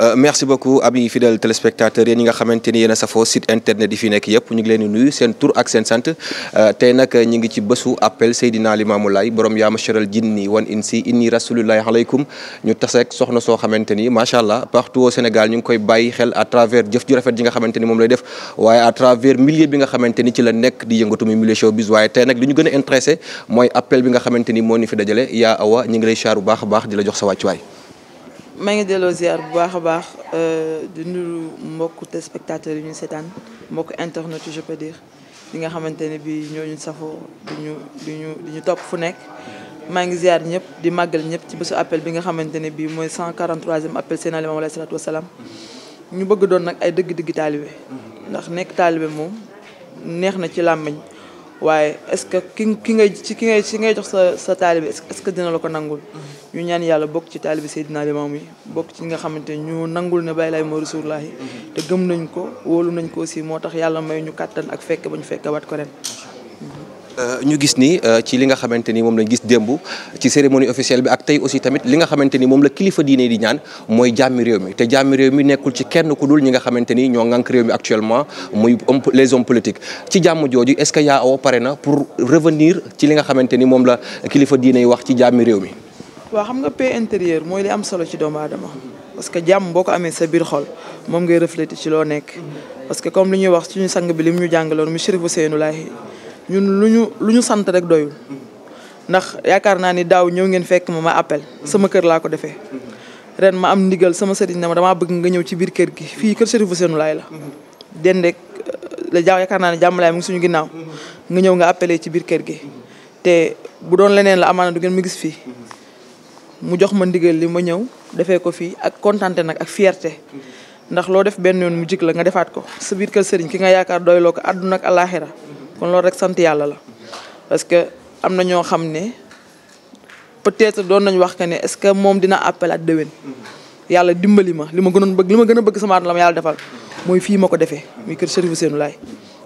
Euh, merci beaucoup abi fidèle téléspectateur yéen ñi nga xamante ni yéen a safoo site internet yi fi nekk yëpp ñu ngi leen di nuyu seen tur ak seen sant euh, tey nag ñu ngi ci bésu appel Seydina Limaamu Laay borom yaa masharal jinni wan insi inni rasulullahi alaykum ñu taseek soxna soo xamante ni macha allah partout au Sénégal ñu ngi koy bàyyi xel à travers jëf rafet ji nga xamante ni moom lay def waaye à travers milieu bi nga ni ci la nekk di yëngatu mi milieu showbiz ñu gën a intéressé mooy appel bi nga xamante ni moo ni fi dajale yaa awa ñu ngi lay char baax baax di la jox sa wàccuwaay maa ngi delloo ziar bu baax a baax euh, di nuyu mbokku téléspectateurs yi ñu seetaan mbokk internet je peux dire li nga xamante ne bi ñooñu safoo di ñu di ñu ñu topp fu nekk maa ngi ziar ñëpp di màggal ñëpp ci bésu appel bi nga xamante ne bi mooy cent 143e appel Seydina Limamou alayhi salaatu wasalaam ñu bëgg doon nag ay dëgg-dëgg taalibe ndax nekk taalibe moom neex na ci làmmiñ waaye est-ce que ki ki ngay ci ki ngay ci ngay jox sa sa taalibe est que dina la ko nangul mm-hmm. ñu ñaan yàlla bokk ci taalibe Seydina Limaamu yi bokk ci nga xamante ñu nangul ne Baay Laay moo Rasulullaahi mm-hmm. te gëm nañ ko wóolu nañ ko aussi moo tax yàlla may ñu kàttan ak fekk ba ñu fekk waat ko ren Euh, ñu gis ni euh, ci li nga xamante ni moom lañ gis démb ci cérémonie officielle bi ak tey aussi tamit li nga xamante ni moom la kilifa diine di ñaan mooy jàmmi réew mi te jàmmi réew mi nekkul ci kenn ku dul ñi nga xamante ni ñoo ŋànk réew mi actuellement muy les hommes politiques ci jàmm jooju est-ce que yaa awo pare na pour revenir ci nga xamante ni moom la kilifa diine yi wax ci jàmmi réew mi. waa xam nga paix intérieure mooy li am solo ci doomu aadama parce que jàmm boo ko amee sa biir xol moom ngay refléter ci loo nekk parce que comme li ñuy wax suñu sang bi lim ñu jàngaloon mu Chérif Ousseynou Laye ñun lu ñu lu ñu sant rek doyul ndax yaakaar naa ni daaw ñëw ngeen fekk ma ma appel sama kër laa ko defee ren ma am ndigal sama sëriñ ne damaa bëgg nga ñëw ci biir kër gi fii kër Chérifou Ousseynou Laye la dendek la jaaw yaakaar naa ne jàmmalaay mu ngi suñu ginnaaw nga ñëw nga appelé ci biir kër gi te bu doon leneen la amaana du ngeen mu gis fii mu jox ma ndigal li ma ñëw defee ko fii ak kontante nag ak fierté ndax loo def benn yoon mu jik la nga defaat ko sa biir kër sëriñ ki nga yaakaar doyloo ko àdduna ak alaaxira kon loolu rek sant yàlla la parce que am na ñoo xam ne peut-être doon nañ wax que ne est-ce que moom dina appelaat déwén. yàlla dimbali ma li ma gënoon bëgg li ma gën a bëgg sama at la ma yàlla defal mooy fii ma ko defee muy kër Chérifou Seynou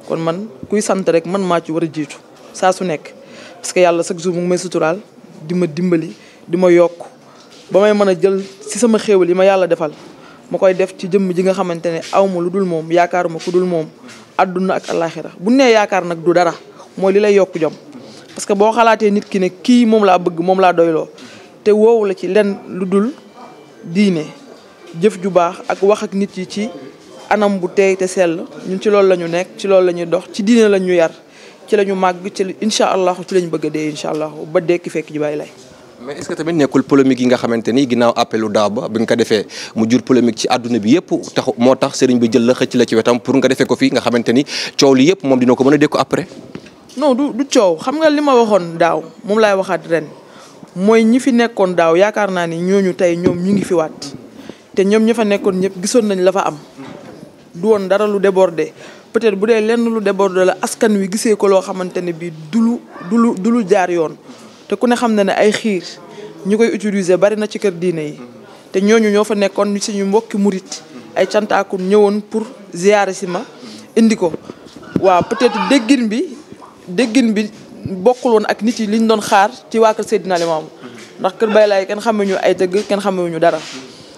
kon man kuy sant rek man maa ci war a jiitu saa su nekk parce que yàlla chaque jour mu ngi may di ma dimbali di ma yokk ba may mën a jël si sama xéewal yi ma yàlla defal ma koy def ci jëmm ji nga xamante ne aw ma lu dul moom yaakaaruma ku dul moom. àdduna ak alaxira bu nee yaakaar nag du dara mooy li lay yokk jom parce que boo xalaatee nit ki ne kii moom laa bëgg moom laa doyloo te woowu la ci lenn lu dul diine jëf ju baax ak wax ak nit yi ci anam bu teey te sell ñun ci loolu la ñu nekk ci loolu la ñuy dox ci diine la ñu yar ci la ñu màgg ci incha allahu ci la ñu bëgg a dee incha allahu ba dekki fekk ji bay lay mais est-ce que tamit nekkul polémique yi nga xamante ni ginnaaw appelu daaw ba bi nga ko defee mu jur polémique ci àdduna bi yëpp tax moo tax sëriñ bi jël la xëcc la ci wetam pour nga defee ko fii nga xamante ni coow li yëpp moom dina ko mën a dékku après. non du du coow xam nga li ma waxoon daaw moom laay waxaat ren mooy ñi fi nekkoon daaw yaakaar naa ni ñooñu tey ñoom ñu ngi fi waat te ñoom ña fa nekkoon ñëpp gisoon nañ la fa am. du woon dara lu débordé peut-être bu dee lenn lu débordé la askan wi gisee ko loo xamante ne bii du lu du lu du lu jaar yoon te ku ne xam na ne ay xiir ñu koy utiliser bari na ci kër diine yi te ñooñu ñoo fa nekkoon ñu suñu mbokki murit ay cantaakun ñëwoon pour ziyaare si ma indi ko waaw peut-être déggin bi déggin bi bokkul woon ak nit yi li ñu doon xaar ci waa kër Seydina Limaamu ndax kër bay Laay kenn xamee ñu ay tëgg kenn xamee ñu dara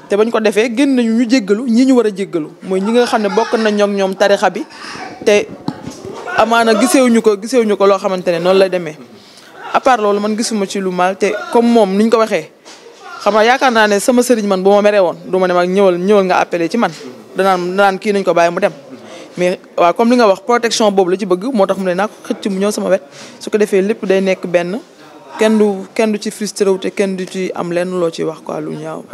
te bañ ko defee génn nañu ñu jéggalu ñi ñu war a jéggalu mooy ñi nga xam ne bokk nañ ñoom ñoom tarixa bi te amaana giseewuñu ko giseewuñu ko loo xamante ne noonu lay demee à part loolu man gisuma ci lu mal te comme moom ni ñu ko waxee xam nga yaakaar naa ne sama sëriñ man bu ma meree woon du ma ne ma ñëwal ñëwal nga appelé ci man danaan danaan kii nañ ko baay mu dem. mais waa comme li nga wax protection boobu la ci bëgg moo tax mu ne naa ko xëcc mu ñëw sama wet su ko defee lépp day nekk benn kenn du kenn du ci frustré wu te kenn du ci am lenn loo ciy wax quoi lu ñaaw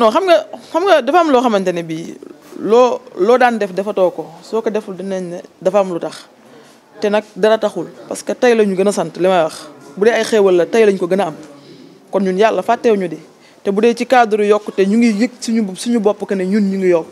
non xam nga xam nga dafa am loo xamante ne bii loo loo daan def defatoo ko soo ko deful dinañ ne dafa am lu tax te nag dara taxul parce que tey la ñu gën a sant li may wax bu dee ay xéewal tey lañ ko gën a am kon ñun yàlla fàttewuñu di te bu dee ci cadre yokkute ñu ngi yëg suñu suñu bopp que ne ñun ñu ngi yokk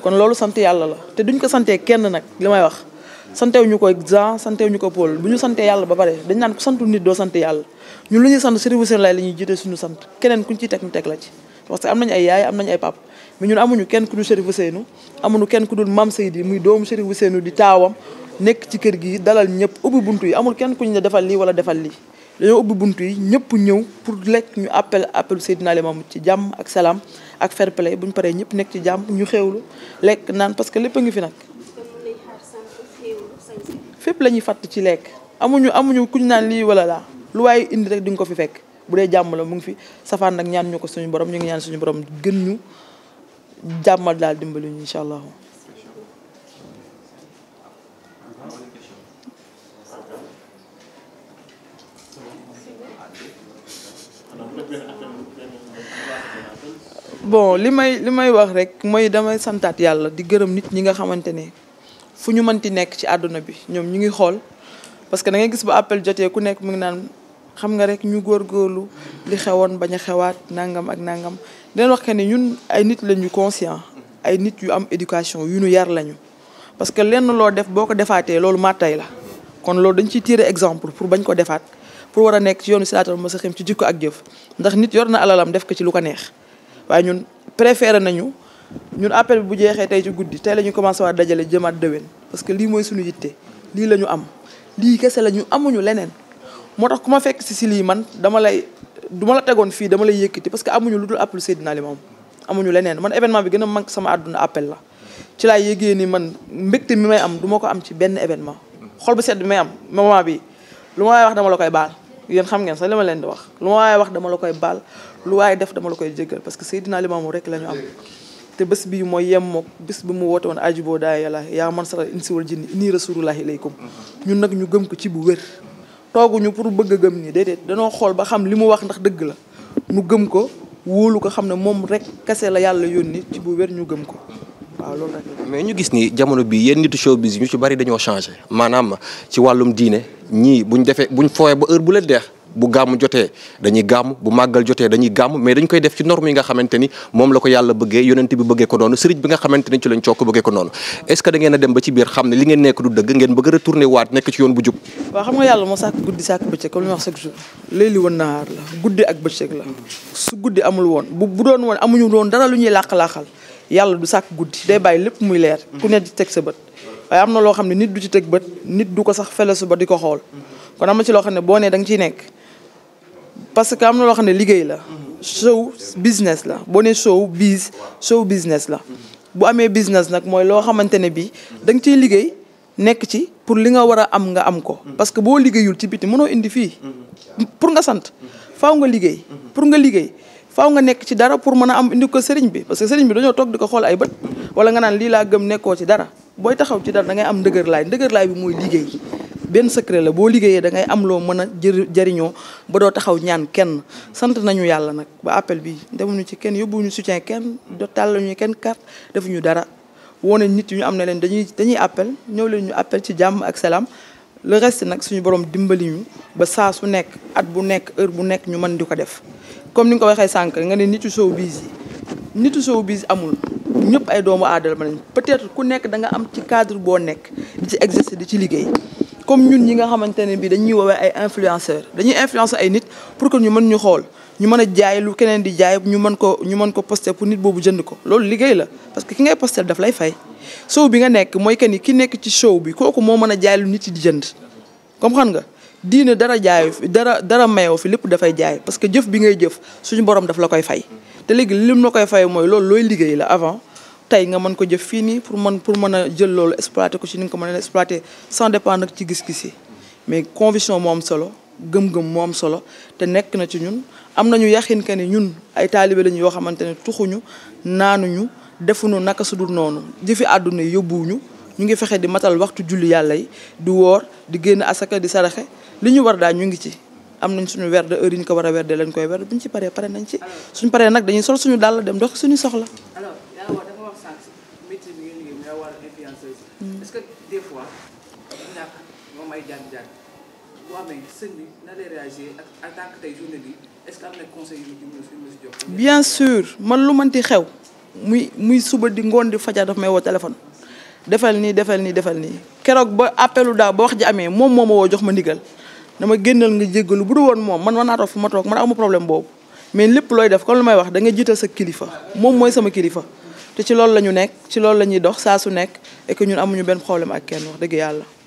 kon loolu sant yàlla la te duñ ko santee kenn nag li wax santew ñu ko Jean santew ñu ko Paul bu ñu santee yàlla ba pare dañ naan ku santul nit doo sant yàlla ñun lu ñuy sant sëriñ Ousseynou Laye la ñuy jiite suñu sant keneen kuñ ci teg ñu teg la ci parce que am nañu ay yaay am nañu ay papa mais ñun amuñu kenn ku dul Chérif Ousseynou amuñu kenn ku dul Mame Seydi muy doomu Chérif Ousseynou di taawam nekk ci kër gi dalal ñëpp ubbi buntu yi amul kenn ku ñu ne defal lii wala defal lii dañoo ubbi yi ñëpp ñëw pour lekk ñu appel appel Seydina Limamou ci jàmm ak salaam ak fair play bu paree ñëpp nekk ci jàmm ñu xewlu lekk naan parce que lépp a fi nag. fépp la ñuy fàtt ci lekk amuñu amuñu kuñ naan lii wala laa lu waaye indi rek di nga ko fi fekk. bu dee jàmm la mu ngi fi safaan nag ñaan ñu ko suñu borom ñu ngi ñaan suñu borom gën ñu jàmmal daal dimbali ñu incha allah. bon li may li may wax rek mooy damay santaat yàlla di gërëm nit ñi nga xamante ne fu ñu mënti nekk ci àdduna bi ñoom ñu ngi xool parce que gis ba appel jotee ku nekk mu ngi naan. xam nga rek ñu góor góorlu li xewoon bañ a xewaat nangam ak nangam dinañ wax ka ni ñun ay nit lañu conscient ay nit yu am éducation yu nu yar lañu. parce que lenn loo def boo ko defaatee loolu màttay la kon loolu dañ ci tiire exemple pour bañ ko defaat pour war a nekk ci yoonu si siraatal mustaqiim ci jikko ak jëf ndax nit yor na alalam def ko ci lu ko neex waaye ñun préféré nañu ñun appel bu jeexee tey ci guddi tey la ñu commencé waa dajale jëmaat déwén parce que lii mooy suñu yitte la ñu am lii kese la ñu amuñu leneen. moo tax ku ma fekk si si lii man dama lay du ma la tegoon fii dama lay yëkkati parce que amuñu lu dul appel Seydina Limamou amuñu leneen man événement bi gën mag sama àdduna appel la ci laa yëgee ni man mbégte mi may am duma ko am ci benn événement xol bu sedd may am moment bi lu ma waaye wax dama la koy baal yéen xam ngeen sax li leen di wax lu waaye wax dama la koy baal lu def dama la koy jéggal parce que naa Limamou rek la ñu am te bés bi mooy yem mook bés bi mu woote woon ajiboo daay yàlla yaa man saral insi wal jinni nii rasulullahi ilaykum ñun nag ñu gëm ko ci bu wér tooguñu pour bëgg gëm nii déedéet dañoo xool ba xam li mu wax ndax dëgg la nu gëm ko wóolu ko xam ne moom rek kese la yàlla yónni ci bu wér ñu gëm ko waaw mais ñu gis ni jamono bii yenn nitu showbiz ñu ci bari dañoo changé maanaam ci wàllum diine ñii buñ defee buñ fooyee ba heure bu leen deex bu gàmm jotee dañuy gàmm bu màggal jotee dañuy gàmm mais dañ koy def ci norme yi nga xamante ni moom la ko yàlla bëggee yonent bi bëggee ko noonu sëriñ bi nga xamante ni ci lañ cokk bëggee ko noonu est a dem ne li ngeen nekk du dëgg ngeen a retourner waat nekk ci yoon bu jub waaw ak bëccëg la su guddi amul woon bu bu doon woon amuñu doon dara lu ñuy làq-làqal yàlla du sàkk guddi day bàyyi lépp muy leer ku ne di teg sa bët waaye am loo xam ne nit du ci teg bët nit du ko sax felesu ba di ko xool na ci loo xam ne boo ne da nga ciy nekk parce que am na loo xam ne liggéey la. sow business la boo nee sow biz show business la. bu amee business nag mooy loo xamante ne bii da nga ciy liggéey nekk ci pour li nga war a am nga am ko. parce que boo liggéeyul ci biti mënoo indi fii. pour nga sant faw nga liggéey. pour nga liggéey faaw nga nekk ci dara pour mën a am indi ko sëriñ bi parce que sëriñ bi dañoo toog di ko xool ay bët. wala nga naan lii laa gëm nekkoo ci dara booy taxaw ci dara da ngay am ndëgë ndëgërlaay bi mooy liggéey. benn secret la boo liggéeyee da ngay am loo mën a jëri jëriñoo ba doo taxaw ñaan kenn sant nañu yàlla nag ba appel bi demuñu ci kenn yóbbu yóbbuwuñu soutien kenn do tàlluñu kenn carte ñu dara woone nit ñu am na leen dañuy dañuy appel ñëw leen ñu appel ci jàmm ak selam le reste nag suñu borom dimbali ñu ba saa su nekk at bu nekk heure bu nekk ñu mën di ko def comme ni nga ko waxee sànq nga ne nitu showbiz yi nitu showbiz amul ñëpp ay doomu aadama ma peut-être ku nekk da nga am ci cadre boo nekk di di ci liggéey comme ñun ñi nga xamante ne bi dañuy woowee ay influenceur dañuy influencer ay nit pour que ñu mën ñu xool ñu mën a jaay lu keneen di jaay ñu mën ko ñu mën ko poster pour nit boobu jënd ko loolu liggéey la parce que ki ngay poster daf lay fay show bi nga nekk mooy que ni ki nekk ci show bi kooku moo mën a jaay lu nit yi comme xam nga diine dara jaayu fi dara dara mayoo lépp dafay jaay parce que jëf bi ngay jëf suñu borom daf la koy fay te léegi lim la koy fay mooy loolu looy liggéey la avant tey nga mën ko jëf fii nii pour man pour mën a jël loolu exploiter ko ci ni nga ko mën a exploiter sans dépendre ci gis-gis yi mais conviction moom solo gëm-gëm moom solo te nekk na ci ñun am nañu yaxin que ni ñun ay taalibe lañu yoo xamante ne tuxuñu naanuñu defu naka su dul noonu jëfi àdduna yóbbuwuñu ñu ngi fexe di matal waxtu julli yàlla yi di woor di génn asaka di saraxe li ñu war daal ñu ngi ci am nañ suñu werde heure yi ko war a werde lañ koy werde bu ñu ci paree pare nañ ci suñu paree nag dañuy sol suñu dàll dem dox suñu soxla Mm. est-ce que des fois ñàkk moom ay jàng bien sûr man lu mënti xew muy muy suba di ngoon di fajar daf may woo téléphone defal nii defal nii defal nii keroog ba appelu daaw ba wax ji amee moom moo ma woo jox ma ndigal dama génnal nga jéggalu bu du woon moom man mën naa toog fu ma toog man amu problème boobu mais lépp looy def comme lu may wax da nga jiital sa kilifa moom mooy sama kilifa te ci loolu la ñu nekk ci loolu la ñuy dox saa su nekk et que ñun amuñu benn problème ak kenn wax dëgg yàlla.